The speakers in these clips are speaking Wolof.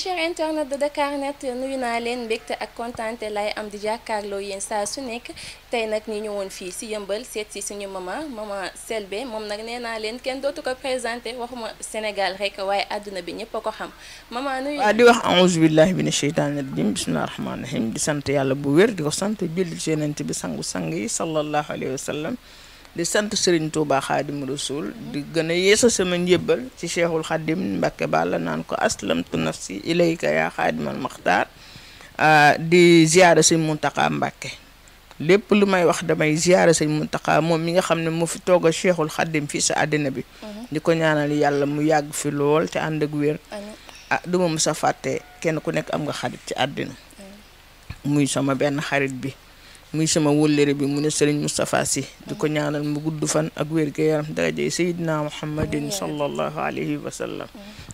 chers internet de Dakarnet nuyu naa leen mbégte ak kontaante lay am di jàkkaarloo yéen saa su nekk tey nag ñu ñëwoon fii si yëmbal seet si suñu mama mama Selbé moom nag nee naa leen kenn dootu ko présenté waxuma Sénégal rek waaye àdduna bi ñëpp a ko xam mama nuyu waaw di wax auzu billahi mina sheytaani rajim bismillahi rahmaani rahim di sant yàlla bu wér di ko sant julli ci bi sangu sang yi sallallahu alayhi wa sallam di sant Serigne Touba Xaadim Rasul di gën a yeesa sama njébbal ci Cheikhul Xaadim Mbàkke Bàlla naan ko aslamtu nafsi ilayka yaa xaadimal maxtaar di ziyaara Sëñ Muntaxa Mbàkke lépp lu may wax damay ziyaara Sëñ Muntaxa moom mi nga xam ne moo fi toog a Cheikhul Xaadim fii sa àddina bi mhm. di ko ñaanal yàlla mu yàgg fi lool te ànd ak wér ah duma mës fàtte kenn ku nekk am nga xarit ci àddina muy sama benn xarit bi muy sama wóllëre bi mu ne Serigne mustafaa si di ko ñaanal mu gudd fan ak wér-gu-yaram darajey Seydina Muhammadin sallallahu alayhi wa a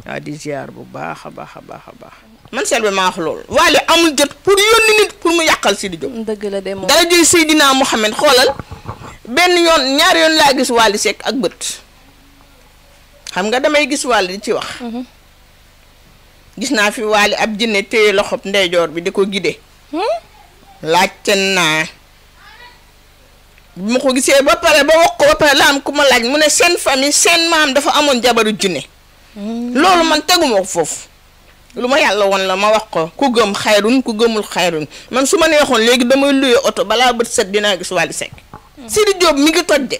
waaw di ziar bu baax a baax a baax a baax man Selbé maa wax loolu waale amul jot pour yónni nit pour mu yàqal Sidi Diop dëgg la de Seydina Muhammad xoolal benn yoon ñaari yoon laa gis Wally Seck ak bët xam nga damay gis Wally di ci wax mhm. gis naa fi Wally ab jinne téye loxob ndeyjoor bi di ko gide hmm? laajte naa bi ma ko gisee ba pare ba wax ko ba pare la am ku ma laaj mu ne seen famille seen maam dafa amoon jabaru junne mm. loolu man teguma ko foofu lu ma yàlla woon la ma wax ko ku gëm xayrun ku gëmul xayrun man su ma neexoon léegi damay luye oto balaa bët set dinaa gis Wally Seck mm. Sidi Diop mi ngi toj de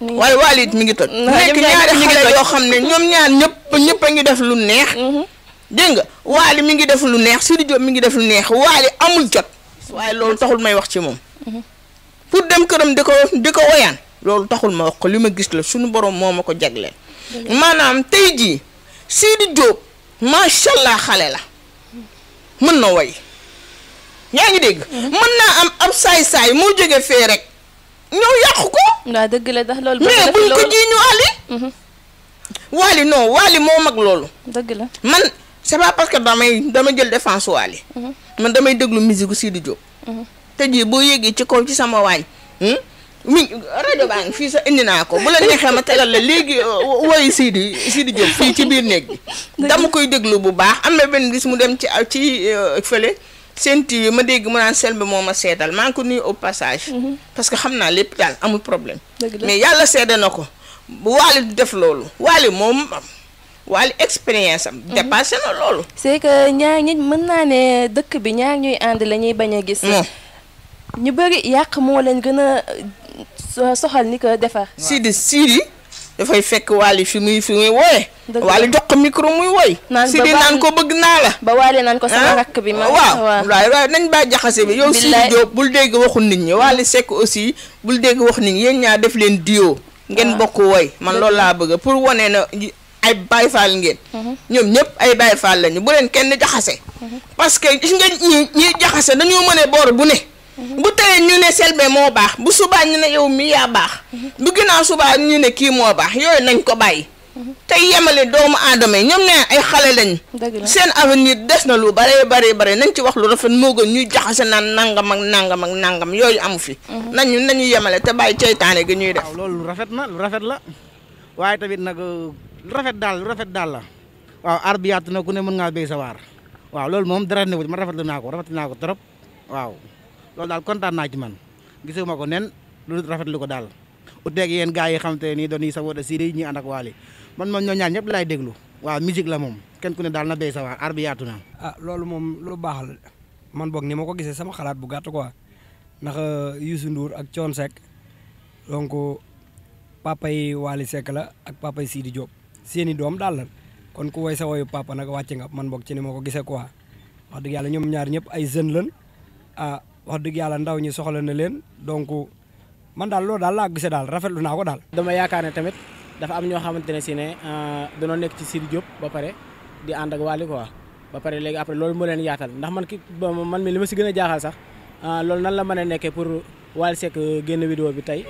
mm. waaye Wally it mi ngi toj nekk ñaari xale yoo xam ne ñoom ñaar ñëpp ñëpp a ngi def lu neex mm-hmm. dégg nga Wally mi ngi def lu neex Sidi Diop mi ngi def lu neex Wally amul jot waaye loolu taxul may wax ci moom mm-hmm. pour dem këram di ko di ko woyaan loolu taxul ma wax ko li ma gis la suñu borom moo ma ko jagleel. maanaam tey jii Sidi Diop macha allah xale la mën na woy yaa ngi dégg. Mm-hmm. mën naa am ab saay-saay moo jóge fee rek ñëw yàqu ko. waaw dëgg la ndax loolu. mais buñ ko ji ñu àlli. waali non waali moo mag loolu. dëgg la man c'est pas parce que damay dama jël défense waali. Mm-hmm. man damay déglu musique Sidi Diop. Mm-hmm. te jii boo yéegee ci kaw ci sama waañ hmm? mi rajo baa ngi fii sa indi naa ko bu la neexee ma tegal la léegi euh, woyu Sidi Sidi Diop fii ci biir néeg bi dama koy déglu bu baax am na benn bis mu dem ci euh, ci euh, fële seen TV ma dégg mu naan Selbé moo ma seetal maa ngi ko nuyu au passage mhm. parce que xam naa lépp daal amul problème mais yàlla seede na ko bu waali du def loolu waali moom wala expérience am. Mhm. dépassé na loolu. c'est que ñaar ñi mën naa ne dëkk bi ñaar ñuy ànd la ñuy bañ a gis. ñu bëri yàq moo leen gën a euh, soxal ni ko defar. sii Sidi dafay fekk Wally fi muy fi muy wooye. waal jox ko micro muy wooy. Sidi naan ko bëgg naa la. ba Wally naan ko sama ah? rakk bi. ma waaw waaw waaw nañ baa jaxase bi. yow Sidi Diop bul dégg waxu nit ñi Wally Seck aussi bul dégg wax nit ñi yéen ñaa def leen diwo. ngeen ah. bokk wooy man loolu laa bëgg pour wane na ay Baye Fall ngeen. Mhm. ñoom ñëpp ay baay Fall lañu bu leen kenn jaxase. Mhm. parce que gis nga ñi ñiy dañoo mëne boor bu ne. bu tey ñu ne Selbé moo baax bu subaa ñu ne yow mii yaa baax bu ginnaaw subaa ñu ne kii moo baax yooyu nañ ko bàyyi tey yemale doomu aadama yi ñoom ne ay xale lañ seen avenir des na lu bare bare bare nañ ci wax lu rafet moo gën ñuy jaxase naan nangam ak nangam ak nangam yooyu amu fi mhm. nañu nañu yemale te bàyyi ceytaane gi ñuy def waaw loolu lu rafet na lu rafet la waaye tamit nag euh, lu rafet daal lu rafet daal la waaw aar bi yaatu na ku ne mën ngaa béy sa waar waaw loolu moom dara newu man rafetlu naa ko rafetlu naa ko trop waaw loolu daal kontaan naa ci man ma ko nen lu rafetlu ko daal uteeg yéen gars yi xam te nii doon yi sa woote Sidy ñi ànd ak Wally man moom ñoo ñaar ñëpp laay déglu waaw musique la moom kenn ku ne daal na béy sa waa aar yaatu na ah, loolu moom lu baax man boog ni ma ko gisee sama xalaat bu gàtt quoi ndax euh, Youssou ak Thione sek donc papa yi Wally Seck la ak papa yi Sidy Diop seeni doom daal kon ku woy sa woyu papa nag wàcce nga man boog ci ni moo ko gisee quoi wax dëgg yàlla ñoom ñaar ñëpp ay jeunes lan ah wax dëgg yàlla ndaw ñi soxla na leen donc man daal loolu daal laa gisee daal rafetlu naa ko daal. dama yaakaar ne tamit dafa am ñoo xamante ne si ne euh, danoo nekk ci Sidy Diop ba pare di ànd ak Wally quoi ba pare léegi après loolu moo leen yaatal ndax man ki man mi li ma si gën a jaaxal sax euh, loolu nan la mën nekkee pour Wally Seck euh, génn vidéo bi tey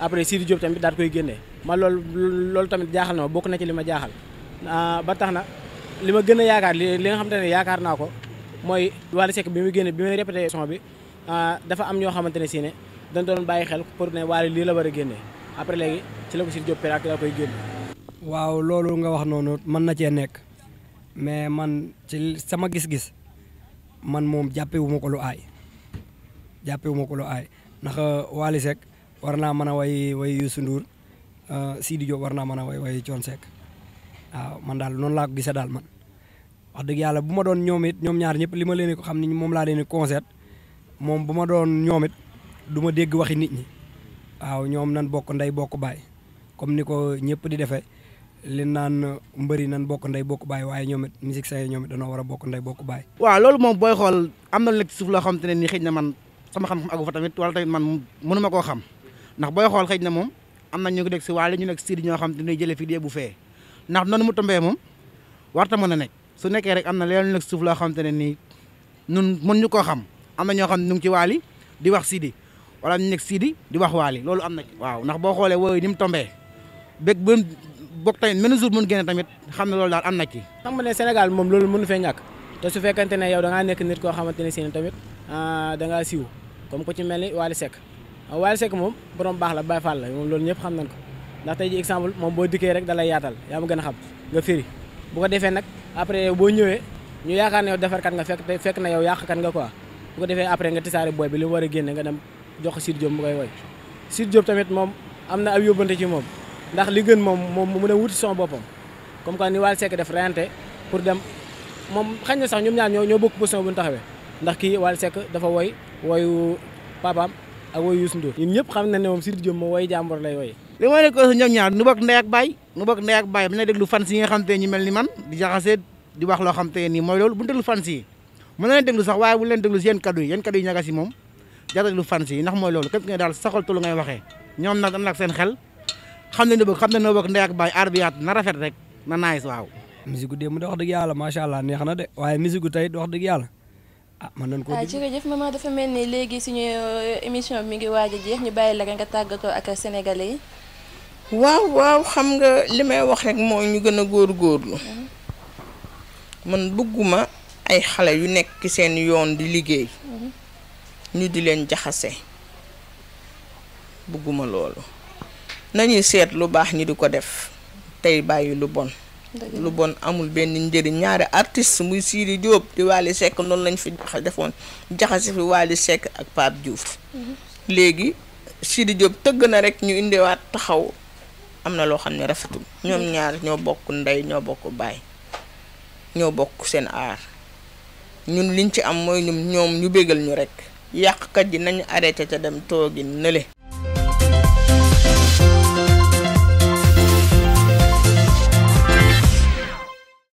après Sidy Diop tamit daal koy génnee man loolu loolu tamit jaaxal na ma bokk na ci li ma jaaxal ba tax na li ma gën a yaakaar li li nga te ne yaakaar naa ko mooy Wally Seck bi muy génne bi muy répété son bi. Euh, dafa am ñoo xamante ne si ne dañ doon bàyyi xel pour ne Wally lii la war a génne après léegi ci la ko Sidy Diop Peulh la koy génne. waaw loolu nga wax noonu mën na cee nekk mais man ci sama gis-gis man moom jàppee wu ko lu aay jàppe wu ko lu aay ndax euh, Wally Seck war naa mën a way way nduur Ndour euh, Sidy Diop war naa mën a way way Thione Seck waaw daal noonu laa ko gisee daal man wax dëgg yàlla bu ma doon ñoom it ñoom ñaar li ma moom laa leen di concert moom bu ma doon ñoom it du ma dégg waxi nit ñi waaw ñoom nan bokk ndey bokk baay comme ni ko ñëpp di defee li naan mbëri nan bokk ndey bokk baay waaye ñoom it musique saa ñoom it danoo war a bokk ndey bokk baay. waaw loolu moom booy xool am na lu nekk xamante ne nii xëy na man sama xam-xam àggu tamit wala tamit man mënuma koo xam ndax booy xool xëy na moom am na ñu ko dégg si waale ñu nekk si ñoo xam te ne jëlee fii dee bu fee ndax noonu mu tombee moom warta mën a nekk su nekkee rek am na leneen lu nekk suuf loo xamante ne nii ñun mën ñu koo xam am na ñoo xam ne ñu ngi ci waali di wax Sidi wala ñu nekk Sidi di wax waali loolu am na waaw ndax boo xoolee wooyu ni mu tombee bég bu bokk tamit mën jour mun génne tamit xam ne loolu daal am na ci xam nga ne Sénégal moom loolu mënu fee ñàkk te su fekkante ne yow da nekk nit koo xamante ne si tamit ah, da ngaa siiw comme ku ci mel ni Waly Seck ah, Waly Seck moom borom baax la Baye Fall la moom loolu ñëpp xam nañ ko ndax tey ji exemple moom boo dikkee rek da lay yaatal yaa a xam nga firi bu ko defee nag après boo ñëwee ñu yaakaar ne yow defarkat nga fekk fekk na yow yàqkat nga quoi bu defee après nga tisaare booy bi li war a génne nga dem jox ko Sidy Diop mu koy woy Sidy Diop tamit moom am na ay yóbbante ci moom ndax li gën moom moom mu mën a wuti son boppam comme quoi ni Wally Seck def pour dem moom xañ na sax ñoom ñaar ñoo ñoo bokk position bu ñu taxawee ndax kii Wally Seck dafa woy woyu papaam ak woyu Youssou Ndour ñun ñëpp xam na ne moom Sidy Diop moom woy jàmbur lay woy li ma nekk aussi ñoom ñaar nu bokk ndey ak baay nu bokk ndey ak baay bu ñu déglu fans yi nga xam te ñu mel ni man di jaxasee di wax loo xam te nii mooy loolu bu ñu déglu fans mën na leen déglu sax waaye bu leen déglu si yenn kaddu yi yenn kaddu yi ñagas yi moom lu fan si ndax mooy loolu képp ngay daal saxal tulu ngay waxee ñoom nag am nag seen xam nañ ne bëgg xam nañ noo bëgg ndey ak baay aar bi na rafet rek na naayis waaw musique gu démb de wax dëgg yàlla macha allah neex na de waaye musique gu tey wax dëgg yàlla ah mën nañ ko ah, jërëjëf maman dafa mel ni léegi suñu euh, émission bi mi ngi waaj a jeex ñu bàyyi la nga tàggatoo ak sénégalais yi waaw xam nga li may wax rek ñu gën a góorgóorlu mhm. man bëgguma ay xale yu nekk ci seen yoon di liggéey ñu di leen jaxase bëgguma loolu nañuy seet lu baax ñi di ko def tey bàyyi lu bon lu bon amul benn njëriñ ñaari artiste muy Sidy Diop di Wally Seck noonu lañu fi defoon jaxase fi Wally Seck ak Pape juuf mm-hmm. léegi Sidy Diop tëgg na rek ñu indiwaat taxaw am na loo xam ne rafetul ñoom mm-hmm. ñaar ñoo bokk ndey ñoo bokk baay ñoo bokk seen aar ñun liñ ci am mooy ñum ñoom ñu bégal ñu rek yàqkat yi nañu arrêté ca dem toogi nële